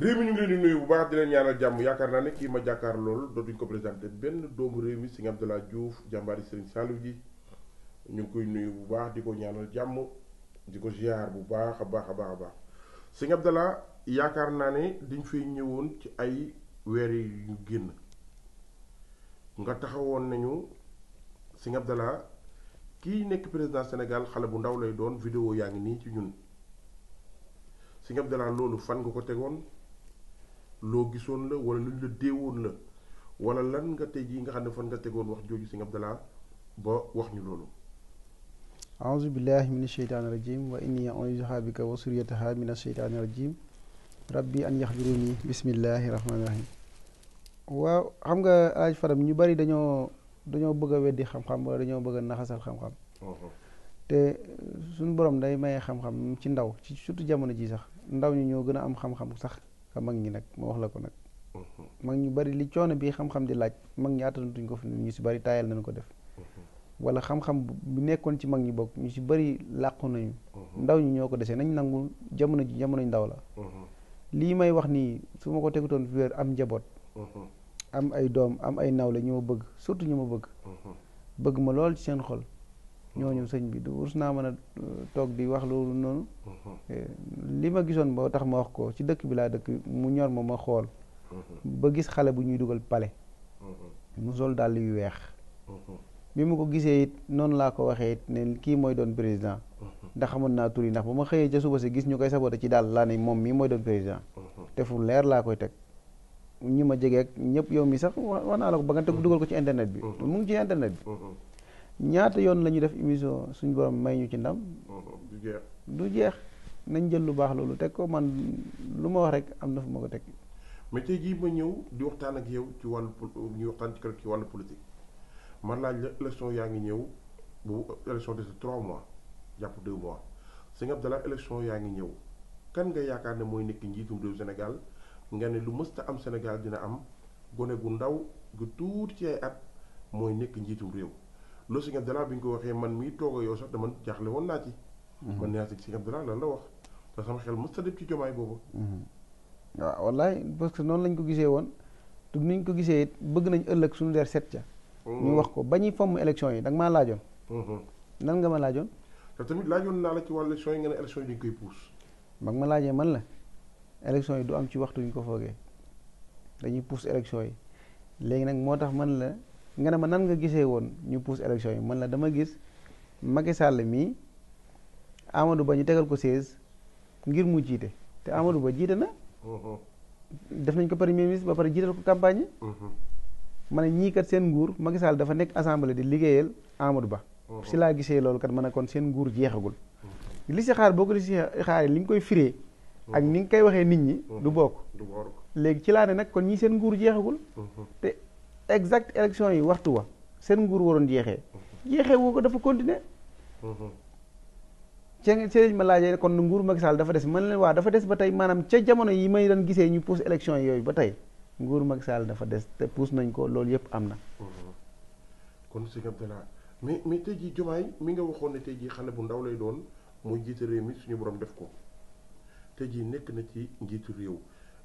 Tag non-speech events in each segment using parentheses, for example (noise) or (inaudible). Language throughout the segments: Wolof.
réew mi ñu ngi leen di nuyu bu baax di leen ñaanal jàmm yaakaar naa ne kii ma jàkkaar loolu dootuñ ko présenté benn doomu réew mi Serigne Abdoulaye Diouf jàmbaari Serigne Saliou ji ñu ngi koy nuyu bu baax di ko ñaanal jàmm di ko ziar bu baax a baax a baax si nga Serigne yaakaar naa ne diñ fay ñëwoon ci ay weer yi yu génn nga taxawoon nañu si nga Abdoulaye kii nekk président Sénégal xale bu ndaw lay doon vidéo yaa ngi nii ci ñun Serigne Abdoulaye loolu fan nga ko tegoon loo gisoon la wala luñ la déewoon la wala lan nga tey jii nga xam ne fan nga tegoon wax jooju sëñ Abdallah ba wax ñu loolu aouzu billahi min asheytaani irajim wa inni auzuha bika wa suriyataha min asheytaani irajim rabbi an yaxjuruni bismillahi rahmaani rahim waaw xam nga alaaj faram ñu bari dañoo dañoo bëgg a weddi xam-xam wala dañoo bëgg naxasal xam-xam uh-huh. te suñu borom day maye xam-xam ci ndaw ci surtout jamono ji sax ndaw ñi ñoo gën a am xam-xam sax mag ñi nag ma wax la ko nag mhm. mag ñu bari li coono bii xam-xam di laaj mag ñi àttanatuñ ko fi ñu si bari taayal nañ ko def mhm. wala xam-xam bu nekkoon ci mag ñi bokk ñu si bari làqu nañu mhm. ndaw ñi ñoo ko desee nañ nangu jamono ji jamonoñ ndaw la lii may wax nii su ma ko tegutoon fi wér am njaboot am ay doom am ay nawle ñu ma bëgg surtout ñu ma bëgg bëgg ma loolu ci seen xol ñooñu sëñ bi du rus naa mën a euh, toog di wax loolu noonu mhm. eh, li ma gisoon boo tax ma wax ko ci dëkk bi laa dëkk mu ñor ma ma xool mhm. ba gis xale bu ñuy dugal pale mhm. mu sol dàll yu weex bi ma ko gisee it noonu laa ko waxee it ne kii mooy doon président ndax xamoon naa tur yi ndax ba ma xëyee ca suba si gis ñu koy saboté ci daal laa ne moom mii mooy doon président te fu leer laa koy teg ñi ma jegeek ñëpp yow mi sax wax naa la ko ba nga teg dugal ko ci internet bi mu ñaata yoon la ñuy def émission suñu borom may ñu ci ndam. Oh, du jeex nañ jël lu baax loolu teg ko man lu ma wax rek am na fu ma ko teg. mais tey jii ma ñëw di waxtaan ak yow ci wàllu ñuy ci keroog ci man laa la élection yaa ngi ñëw bu élection des trois mois jàpp deux mois Sëñ Abdallah élection yaa ngi ñëw kan nga yaakaar ne mooy nekk njiitum réew Sénégal nga ne lu mësta am Sénégal dina am gone gu ndaw gu tuuti ci ay at mooy nekk njiitum réew. loolu Cheikh Abdallah bi ñu ko waxee man mii toog yow sax dama jaaxle woon naa ci. man naa si Cheikh Abdallah lan la wax te sama xel mës sa dem ci jomaay boobu. Mhm. waaw wallaay parce que noonu lañ ko gisee woon te niñ ko gisee bëgg nañ ëllëg suñu der set ca. Mhm. ñu wax ko ba ñuy fomm élection yi da maa laajoon. Mhm. nan nga ma laajoon. te tamit laajoon naa la ci wàllu élection yi nga ne élection yi dañ koy pousse. mag ma laajee man la élection yi du am ci waxtu ñu ko foogee dañuy pousse élection yi léegi nag moo tax man la. nga ne ma nan nga gisee woon ñu pousse élection yi man la dama gis Macky Sall mi Amadou Ba ñu tegal ko 16 ngir mu jiite te Amadou Ba jiite na. Mhm. def nañ ko premier ministre ba pare jiital ko campagne mhm. ma ne ñii kat seen nguur Macky Sall dafa nekk assemblée di liggéeyal Amadou Ba. Mhm. si laa gisee loolu kat ma ne kon seen nguur jeexagul. li si xaar boo ko si xaar li nga koy firee. ak ni nga koy waxee nit ñi. du bokk léegi ci laa ne nag kon ñi seen nguur jeexagul. te exact élection yi waxtu wa seen nguur waroon jeexee jeexee woo ko dafa continuer cee sëriñ ma laajee kon nguur Macky Sall dafa des man leen waa dafa des ba tey maanaam ca jamono yi may doon gisee ñu pousse élection yooyu ba tey nguur Macky Sall dafa des te pousse nañ ko loolu yëpp am na kon sëñ Abdallah mais mais tey jii Diomaye mi nga waxoon ne tey jii xale bu ndaw lay doon muy jiite réew mi suñu borom def ko tey jii nekk na ci njiitu réew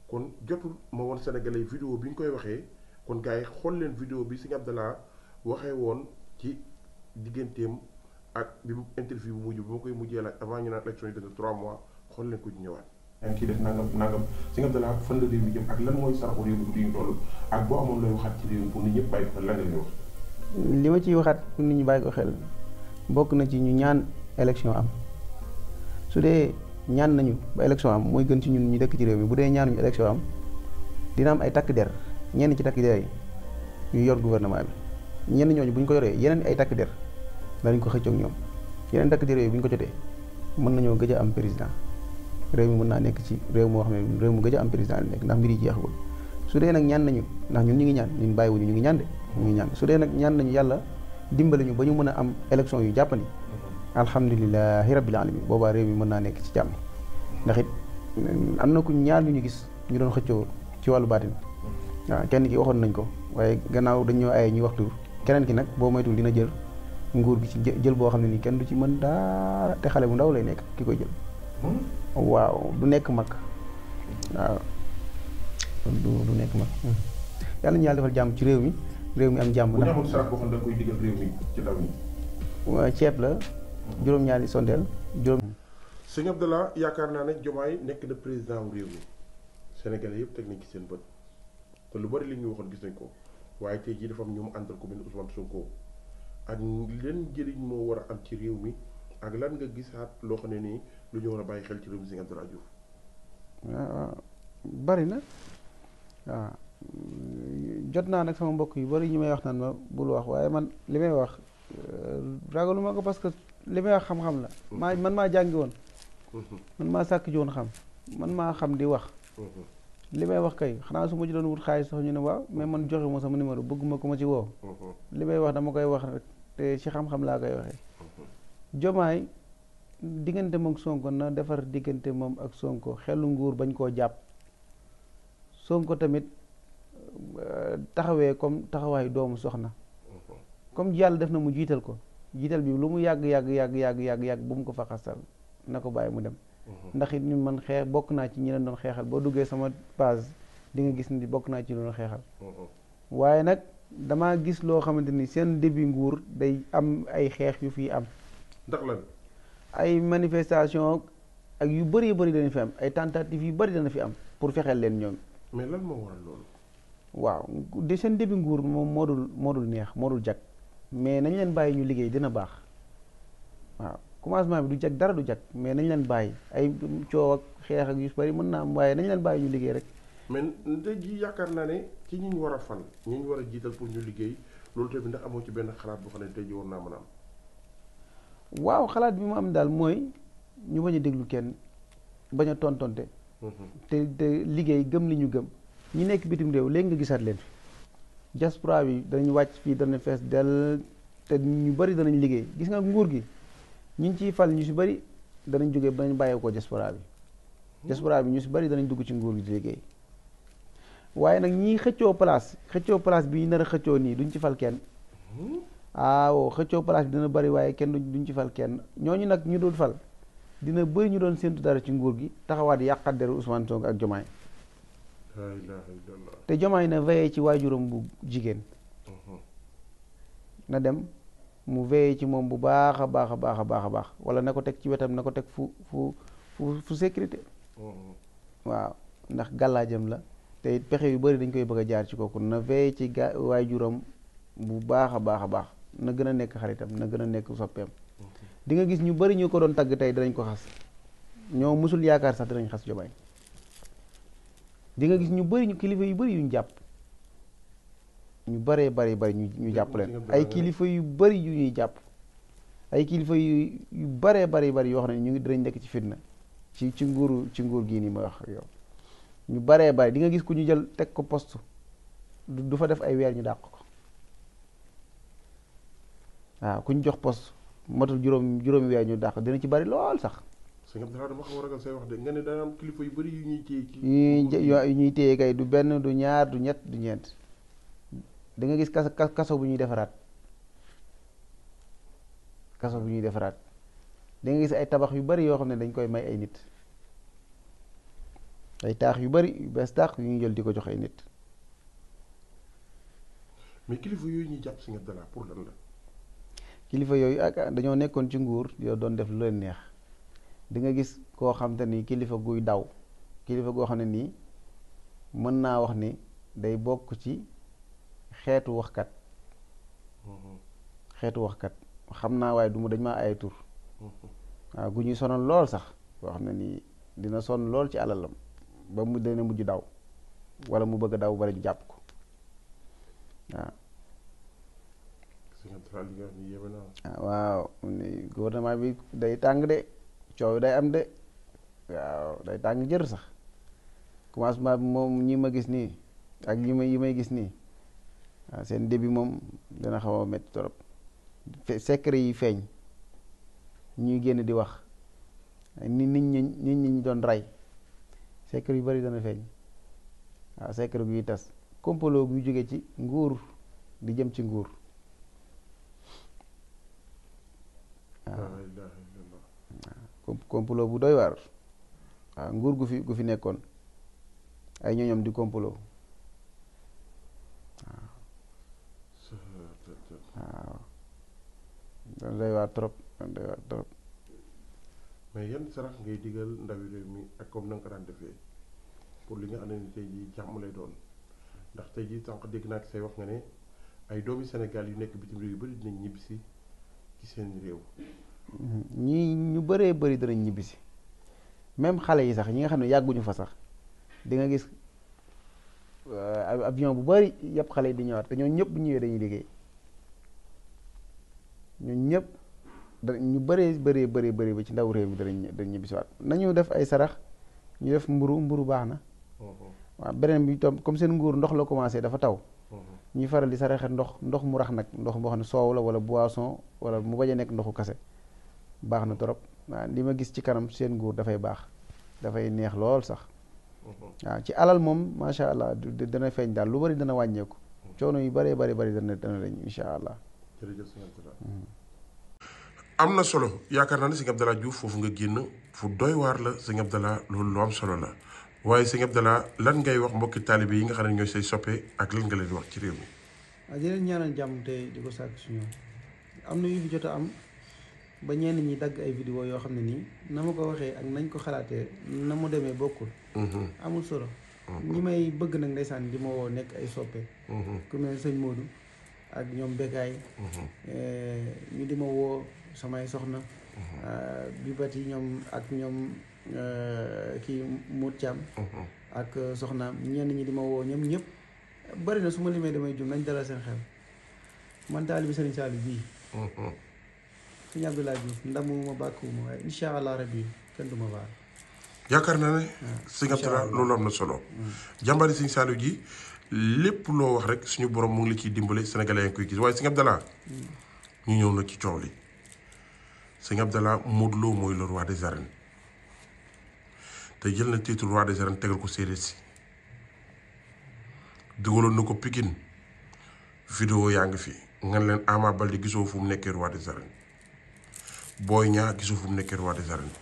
kon jotul ma woon sénégalais vidéo bi ñu koy waxee kon gars yi xool leen vidéo bi Sëñ Abdallah waxee woon ci digganteem ak bi mu interview bu mujj bi ma koy mujjee laaj avant ñu naan élection yi dëgg mois xool leen ko ñu ñëwaat. ak def nangam nangam Sëñ Abdallah la réew mi jëm ak lan mooy saraxu réew mi duñu toll ak boo amoon looy waxaat ci réew mi pour nit ñëpp bàyyi ko xel la ñuy wax. ma ciy waxaat pour nit ñi bàyyi bokk na ci ñu ñaan élection am su dee ñaan nañu ba élection am mooy gën ci ñun ñu dëkk ci réew mi bu dee ñaanuñu élection am dina am ay takk der. ñenn ci takk der yi ñu yor gouvernement bi ñenn ñooñu bu ñu ko yoree yeneen ay takk der danañ ko xëccoog ñoom yeneen takk der yooyu bu ñu ko jotee mën nañoo gëj a am président réew mi mën naa nekk ci réew moo xam ne réew mu gëj a am président nekk ndax mbir yi jeexagul su dee nag ñaan nañu ndax ñun ñu ngi ñaan ñun bàyyiwuñu ñu ngi ñaan de ñu ngi ñaan su dee nag ñaan nañu yàlla dimbali ñu ba ñu mën a am élection yu jàppandi alhamdulilahi rabbil alamin boobaa réew mi mën naa nekk ci jàmm ndax it am na ku ñaar ñu gis ñu doon xëccoo ci wàllu baatin waaw kenn ki waxoon nañ ko waaye gannaaw dañ ñoo ñu waxtu keneen ki nag boo moytuwul dina jël nguur gi ci jël boo xam ne nii kenn du ci mën dara te xale bu ndaw lay nekk ki koy jël. Hmm? waaw du nekk mag waaw du du nekk mag. Hmm. yàlla ñu defal jàmm ci réew mi réew mi am jàmm. bu ñu sax boo xam ci ndaw ñi. ceeb la juróom-ñaari sondeel juróom. sëñ Abdallah yaakaar naa ne Diomaye nekk na président wu réew mi Sénégalais yëpp teg nañ ci seen bët. lu bari li ñuy waxoon gis nañ ko waaye tey jii dafa am ñu àndal ko mel ni Ousmane Sonko ak leen njëriñ moo war a am ci réew mi ak lan nga gisaat loo xam ne nii lu ñu war a bàyyi xel ci réew mi si Abdoulaye Diouf. waaw ah, bari na waaw ah, jot naa nag sama mbokk yu bari ñu may wax naan ma bul wax waaye man li may wax euh, ragaluma ko parce que li may wax xam-xam la. Mm-hmm. maa man maa jàngi woon. Mm-hmm. man maa sàkk ji woon xam man maa xam di wax. Mm-hmm. li may wax kay xanaa su ma ci doon wut xaalis sax ñu ne waaw mais man joxe ma sama numéro bëgguma ko ma ci woo. Mm-hmm. li may wax dama koy wax rek te ci xam-xam laa koy waxee. Mm-hmm. jomaay diggante moom ak Sonko defar diggante moom ak Sonko xelu nguur bañ koo jàpp Sonko tamit euh, taxawee comme taxawaayu doomu soxna. Mm-hmm. comme yàlla def na mu jiital ko jiital bi lu mu yàgg yàgg yàgg yàgg yàgg yàgg bu mu ko fa xasal na ko bàyyi mu dem. ndax it ñu man xeex bokk naa ci ñi leen doon xeexal boo duggee sama page di nga gis ni bokk naa ci doon xeexal mm-hmm. waaye nag damaa gis loo xamante ni seen début nguur day am ay xeex yu fi am ay manifestation ak yu bëri bëri dana fi am ay tentatives yu bëri dana fi am pour fexee leen ñoom mais lan moo waral loolu waaw di seen début nguur moom moo dul moo dul neex moo dul jag mais nañ leen bàyyi ñu liggéey dina baax waaw commencement bi du jag dara du jag mais nañ leen bàyyi ay coow ak xeex ak yu bari mën naa am waaye nañ leen bàyyi ñu liggéey rek mais tey jii yaakaar naa ne ci ñi ñu war a fan ñi ñu war a jiital pour ñu liggéey loolu tamit ndax amoo ci benn xalaat boo xam ne tey jii war naa mën a am waaw xalaat bi mu am daal mooy ñu bañ a déglu kenn bañ a tontonte mhm. te te liggéey gëm li ñu gëm ñi nekk bitim réew léegi nga gisaat leen diaspora bi danañ wàcc fii dana fees del te ñu bari danañ liggéey gis nga nguur gi ñu ngi ciy fal ñu si bëri danañ jógee danañ bàyyeekoo diaspora bi hmm. diaspora bi ñu si bëri danañ dugg ci nguur gi di liggéey waaye nag ñii xëccoo place xëccoo place bi ñu nar a xëccoo nii duñ ci fal kenn waaw hmm. xëccoo place bi dina bëri waaye kenn duñ ci fal kenn ñooñu nag ñu doon fal dina bëri ñu doon séntu dara ci nguur gi taxawaat yàqat deru Ousmane Sonko ak Jomaay te Jomaay na veye ci waajuram bu jigéen hmm. na dem mu veillé ci moom bu baax a baax a baax a baax a baax wala na ko teg ci wetam na ko teg fu fu fu fu sécurité mm-hmm. waaw ndax gàllaajam la te it pexe yu bari dañ koy bëgg a jaar ci kooku na veillé ci ga waajuram bu baax a baax a baax na gën a nekk xaritam na gën a nekk soppeem mm-hmm. di nga gis ñu bari ñu ko doon tagg tey danañ ko xas ñoo musul yaakaar sax dinañ xas jomaay di nga gis ñu bëri ñu kilifa yu bëri yuñ jàpp ñu bare bare bare ñu japp leen ay kilifa yu bari yu ñuy japp ay kilifa yu yu bare bare bare yo xamne ñu ngi dañ nek ci fitna ci ci nguuru ci nguur gi ni ma wax yow ñu bare bare di nga gis ku ñu jël tek ko poste du fa def ay weer ñu dàq ko waaw ku ñu jox poste matul juroom juroom weer ñu dàq dina ci bari lool sax. sëñ Abdoulaye dama yunyi a yunyi yu bëri yu ñuy téye. du benn du ñaar du ñett du ñeent da nga gis kaso kaso bu ñuy defaraat kaso bu ñuy defaraat da nga gis ay tabax yu bari yo xamne dañ koy may ay nit ay tax yu bari ah, yu bees yu ñu jël di jox ay nit. mais kilifa yooyu ñuy jàpp Serigne dara pour lan la. kilifa yoy ak dañu nekkon ci nguur yo doon def lu leen neex ya. di nga gis ko xamanteni kilifa guy daw kilifa go xam ne mën naa wax ni day bokk ci. xeetu waxkat xeetu waxkat xam naa waaye du ma dañ maa ay tur waaw gu ñuy sonal lool sax boo xam ne nii dina sonn lool ci alalam ba mu dana mujj daw wala mu bëgg a daw bari ñu jàpp ko waaw ah, waaw bi day tàng de coow day am de waaw day tàng jër sax commencement bi moom ñii ma gis nii ak yi yi may gis nii waaw seen début moom dana xaw a métti torop secret yi feeñ ñuy génn di wax nit ñi nit doon ray secret yu bari dana feeñ waaw secret guy tas complot guy jóge ci nguur di jëm ci nguur waaw complot bu doy waar nguur gu fi gu fi nekkoon ay ñooñam di complot dana doy waar trop dana yan sarax ngay digal ndawi réew mi ak comme na nga ko daan defee pour li nga xam ne tey jii jàmm lay doon ndax tey jii sànq dégg naa ak say wax nga ne ay doomi Sénégal yu nekk bitim réew yu bari dinañ ñibbisi ci seen réew. ñi ñu bëree bari danañ ñibbisi même xale yi sax ñi nga xam ne yàgguñu fa sax di nga gis euh, avion bu bari yëpp xale yi di ñëwaat te ñoo ñëpp bu ñëwee dañuy liggéey. ñun ñëpp ñu bëree bëree bëree bëree ba ci ndaw réew mi danañ dañ ñibbisiwaat nañu def ay sarax ñu def mburu mburu baax na mhm. waa beneen bi tam comme seen nguur ndox la commencé dafa taw mhm. ñuy faral di saraxe ndox ndox mu rax nag ndox boo xam ne soow la wala boisson wala mu bañ a nekk ndoxu kase baax na trop waaw li ma gis ci kanam seen nguur dafay baax dafay neex lool sax mhm. waaw ci alal moom macha allah dana feeñ daal lu bëri dana wàññeeku coono yu bëree bare bari dana dana dañ incha allah jërëjëf sëñ mhm. am na solo yaakaar naa ne sëñ Abdallah juuf foofu nga génn fu doy waar la sëñ Abdallah loolu lu am solo la waaye sëñ Abdallah lan ngay wax mbokki taalibe yi nga xam ne ñoo say soppee ak lan nga leen wax ci réew mi. waaw ah, di jàmm te di ko sàkk suñu am na yu bi jot am ba ñenn ñi dagg ay vidéo yoo xam ne nii na ma ko waxee ak nañ ko xalaatee na mu demee bokkul. Mhm. amul solo. Mhm. ñi may bëgg nag ndeysaan di ma nekk ay soppe. ku mel sëñ Modou. ak ñoom Bégaay mhm. eh, ñu di ma woo samay soxna mhm. ah, bi bati ñoom ak ñoom eh, kii Mout Thiam mhm. ak eh, soxnaam ñenn ñi di ma woo ñoom ñëpp bari na su ma limee damay jum nañ dalal seen xel man taalibi Sëriñ Saliou bii suñu Abdoulaye Diouf ndamuma bàkkuwuma waaye incha allah rabbi kenn du ma baal yaakaar naa ne ah, sëñ Abdoulaye loolu am na solo mm. jàmbari Sëriñ Saliou ji lépp loo wax rek suñu borom mu ngi la ciy dimbale sénégalais yaa ngi koy gis waaye sëñ Abdallah ñu ñëw nag ci coow li sëñ Abdallah Modou Lo mooy le roi des arènes te jël na titre roi de arènes tegal ko séeréer si dugaloon na ko Pikine vidéo yaa ngi fi nga leen Ama Baldé gisoo fu mu nekkee roi des arènes Boy Niang gisoo fu mu nekkee roi des arènes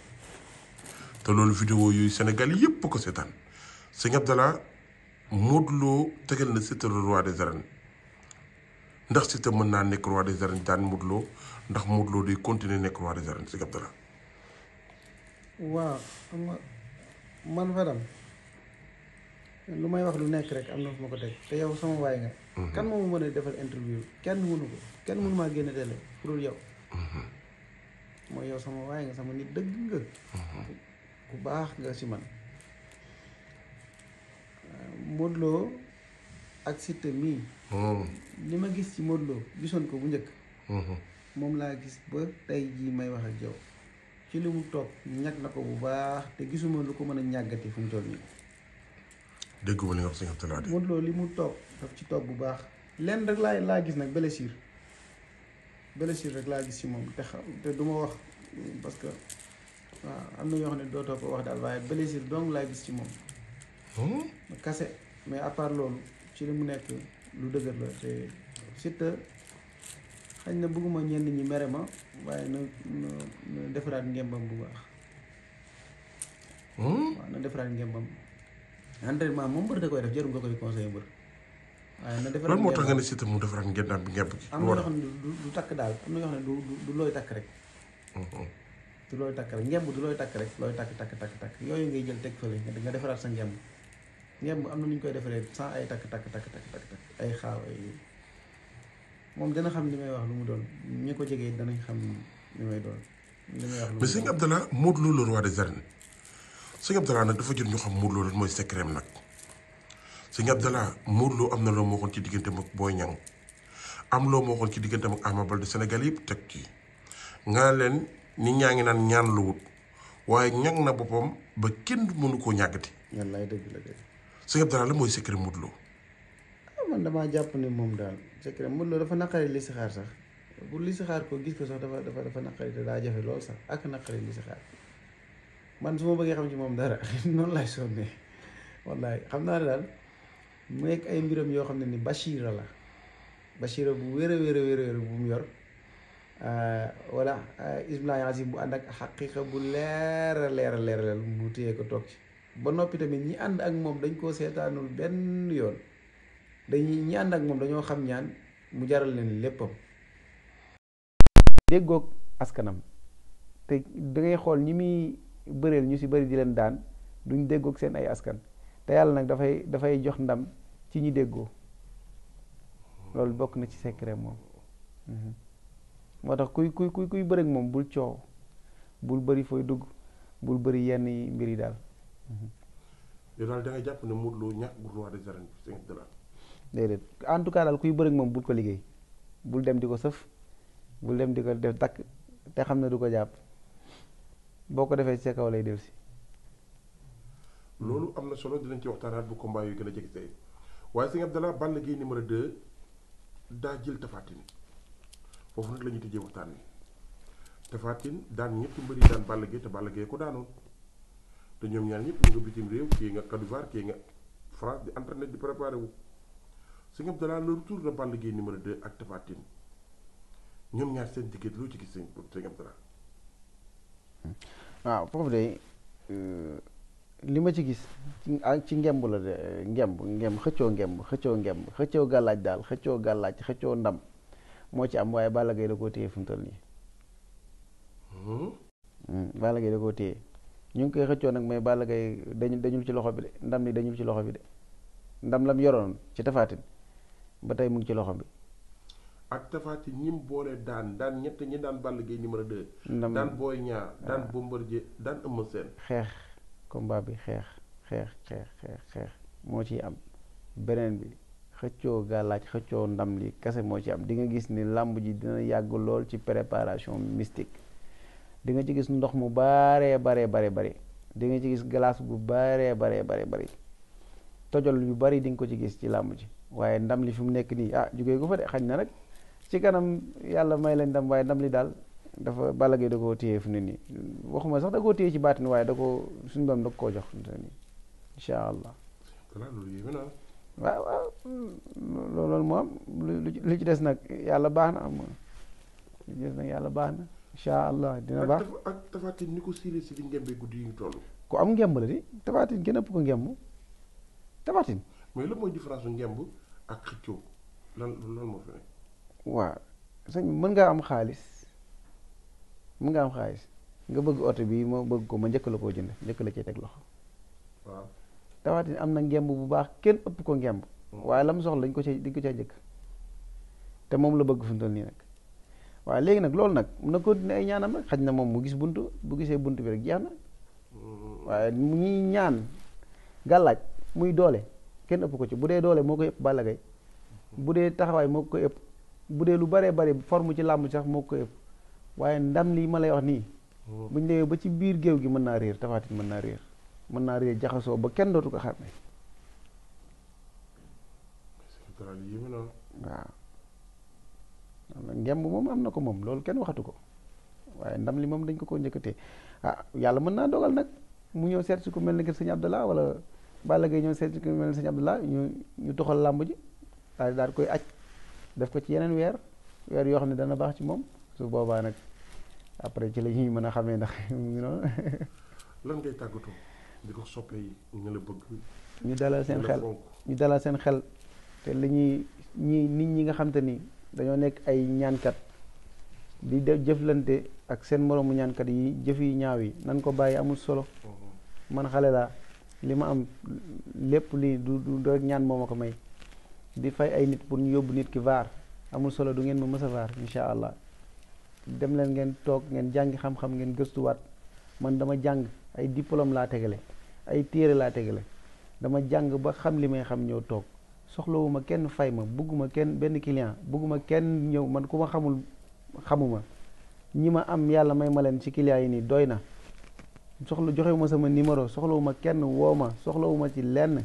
te loolu vidéo yooyu Sénégal yépp ko seetaan sëñ Abdallah mudlu tegal na Siteu le roi des arènes ndax Siteu mën naa nekk roi des arènes daan Modou ndax Modou di continuer nekk roi des arènes si gab dara man Fadam lu wax lu nekk rek am na ko teg te yow sama waay nga mhm. kan moo ma mën defal interview kenn mënu ko kenn mënu maa génn télé pour yow mhm. mooy yow sama waay nga sama nit dëgg nga mhm. ku baax nga si man Modou Lo ak Siteu mii. Hmm. li ma gis ci Modou gisoon ko bu njëkk. Hmm. moom laa gis ba tey jii may wax ak yow ci li mu toog ñag na ko bu baax te gisuma lu ko mën a ñàggati fu mu toll nii. dégguma li nga wax si Abdoulaye. Modou li mu toog daf ci toog bu baax lenn rek laa laa gis nag blessure blessure rek laa gis ci moom te xam te du wax parce que waaw am na yoo xam ne dootoo ko wax daal waaye blessure dong laa gis ci moom. Hmm? kase. mais à part lool ci limu nekk lu dëgër la te Siteu xañ na bëgguma ñenn ñi mere ma waaye na na defaraat ngembam bu baax hmm? waaw na defaraat ngembam entraînement moom mbër da koy def jarul nga koy conseil mbër waaye na defaraat lan moo tax nga ne Siteu mu defaraat ngembam bi ngemb gi am na yoo xam ne du takk daal am na yoo xam ne du du looy takk rek hmm. du looy takk rek ngemb du looy takk rek looy takk takk takk takk yooyu ngay jël teg fële nga defaraat sa ngemb ngemb am na nu ñu koy defaree sa ay takk takk takk takk takk ay xaaw ay moom dana xam li may wax lu mu doon ñi ko jegee danañ xam li may doon. li may wax mu doon mais sëñ Abdallah Modou Lo le roi des arènes sëñ Abdallah nag dafa jot ñu xam Modou Lo lan nag sëñ Abdallah Modou Lo am na loo moo xoon ci diggante ak booy Niang am loo moo xoon ci digganteem ak Ama Baldé Sénégal yëpp teg ci nga leen ni ñaa ngi naan ñaan lu wut waaye ñag na boppam ba kenn mënu koo ñàggati. yàllaay sëñ Abdallah la mooy secret Modou ah man damaa jàpp ne moom daal secret Modou Lo dafa naqari listixaar sax pour listixaar koo gis ko sax dafa dafa dafa naqari te daa jafe lool sax ak naqari listixaar man su ma bëggee xam ci moom dara (laughs) noonu lay sonnee wallaay xam naa ne daal mu nekk ay mbiram yoo xam ne ni Bachira la Bachira bu wéer a wéer a bu mu yor ah, voilà ah, ismila yaasim bu ànd ak xaqiqa bu leer a leer a mu téye ko toog ci. ba noppi tamit ñi ànd ak moom dañ koo seetaanul benn yoon dañuy ñi ànd ak moom dañoo xam ñaan mu jaral leen léppam. déggook askanam te dangay xool ñi muy bëreel ñu si bëri di leen daan duñ déggook seen ay askan te yàlla nag dafay dafay jox ndam ci ñi déggoo loolu bokk na ci secret moom. Mhm. moo tax kuy kuy kuy kuy moom bul coow bul bari fooy dugg bul bëri yenn mbir yi daal. Mhm. yow daal da ngay jàpp ne Modou Lo ñàkkul roi des arènes bi cinq dollars. déedéet en tout cas daal kuy bëri moom bul ko liggéey bul dem di ko sëf bul dem di ko def takk te xam ne du ko jàpp boo ko defee ci kaw lay dellu si. loolu am na solo dinañ ci waxtaanaat bu combat yu gën a jege tey waaye sëñ Abdallah Balla Gaye numéro 2 daa jël Tafatine foofu nag la ñuy tijjee waxtaan wi Tafatine daan ñëpp mbëri daan Balla Gaye te Balla Gaye ko daanoon. te ñoom ñaar ñëpp ñu nga bitim réew kii nga Côte d'Ivoire kii nga France di entraîné di préparé wu. Sëñ Abdou seen diggante loo ci gis sëñ Sëñ Abdou Lahat. ma ci gis ci ah, ngemb la de ngemb xëccoo ngemb xëccoo ngemb xëccoo gàllaaj daal xëccoo gàllaaj xëccoo ndam moo ci am waaye Balla Gaye da koo téye fu mu nii. Hmm. Hmm, Balla da koo téye. ñu ngi koy xëccoo nag mais Balla Gaye dañu dañul ci loxo bi de ndam li dañul ci loxo bi de ndam lam yoroon ci tafaatin ba tey mu ngi ci loxo bi. ak tafaatin ñi mu boole daan daan ñett ñi daan Balla Gaye numéro 2. ndam daan Boy Niang daan Bombardier daan Eumeu Sène. xeex komba bi xeex xeex xeex xeex moo ci am beneen bi xëccoo gàllaaj xëccoo ndam li kase moo ci am di nga gis ni làmb ji dina yàgg lool ci préparation mystique. di nga ci gis ndox mu baree baree bare bare di nga ci gis glace gu baree baree bare bare tojol yu bari di nga ko ci gis ci làmb ci waaye ndam li fi mu nekk nii ah jugee ko fa de xañ na nag ci kanam yàlla may leen dam waaye ndam li daal dafa balag Gaye da téye fu mu ne nii waxuma sax da koo téye ci baatin waaye dakoo suñ suñu doom koo jox fi mu ne nii incha allah. waaw waaw loolu moom lu ci des nag yàlla baax na am lu des nag yàlla baax na. incha allah dina baax ak tafaatin ni ko siri si di ngembee guddi yu ñu toll. ku am ngemb la di tafaatin gën ëpp ko ngemb tafaatin. mais lan mooy différence ngemb ak xëccoo mën ngaa am xaalis mën ngaa am xaalis nga bëgg oto bi ma bëgg ko ma njëkk la koo jënd njëkk la cee teg loxo. waaw tafaatin am na ngemb bu baax kenn ëpp ko ngemb. Mm. waaye lam soxla dañ ko cee dañ ko cee njëkk. te moom la bëgg fi mu toll nii nag. waaw léegi nag loolu nag na ko ne ay ñaanam rek xaj na moom mu gis bunt bu gisee bunt bi rek jeex na waaye ñuy ñaan gàllaaj muy doole kenn ëpp ko ci bu dee doole moo ko ëpp Balla Gaye bu dee taxawaay moo ko ëpp bu dee lu baree bari forme ci làmb sax moo ko ëpp waaye ndam lii ma lay wax nii bu ñu ba ci biir géew gi mën naa réer tafaatin mën naa réer mën naa réer jaxasoo ba kenn dootu ko xàmmee waaw ngemb moom am na ko moom loolu kenn waxatu ko waaye ndam li moom dañ ko koo njëkkatee ah yàlla mën naa dogal nag mu ñëw seet si ku mel ni que sëñ Abdallah wala Balla Gaye ñëw seet si ku mel ni sëñ Abdallah ñu ñu toxal làmb ji daal daal koy aj def ko ci yeneen weer weer yoo xam ne dana baax ci moom su boobaa nag après ci la ñuy mën a xamee ndax (laughs) mu ngi noonu. lan ngay tàggatoo di ko ñu la dalal seen xel ñu dalal seen xel te li ñuy nit ñi nga xam te ni. dañoo nekk ay ñaankat di de jëflante ak seen moroomu ñaankat yi jëf yi ñaaw yi nan ko bàyyi amul solo man xale la li ma am lépp li du du rek ñaan moo ma may di fay ay nit pour ñu yóbbu nit ki vaar amul solo du ngeen ma mësa vaar incha allah dem leen ngeen toog ngeen jang xam-xam ngeen gëstuwaat man dama jàng ay diplôme laa tegale ay téere laa tegale dama jàng ba xam li may xam ñëw toog soxlo soxlawuma kenn fay ma bugguma kenn benn client bugguma kenn ñëw man ku ma xamul xamuma ñi ma am yàlla may ma leen ci client yi nii doy na soxla joxewuma sama numéro soxlawuma kenn woo ma soxlawuma ci lenn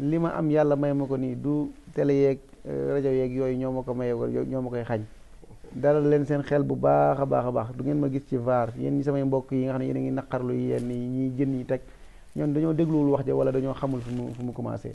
li ma am yàlla may ma ko ni du télé yeeg euh, rajo yeeg yooyu ñoo ma ko mayee ñoo ma koy xañ dalal leen seen xel bu baax a baax a baax du ngeen ma gis ci vaar yéen ñi samay mbokk yi nga xam ne yéen a ngi naqarlu yenn ñi ñuy jën yi teg ñoom dañoo dégluwul wax ja wala dañoo xamul fu mu fu mu commencé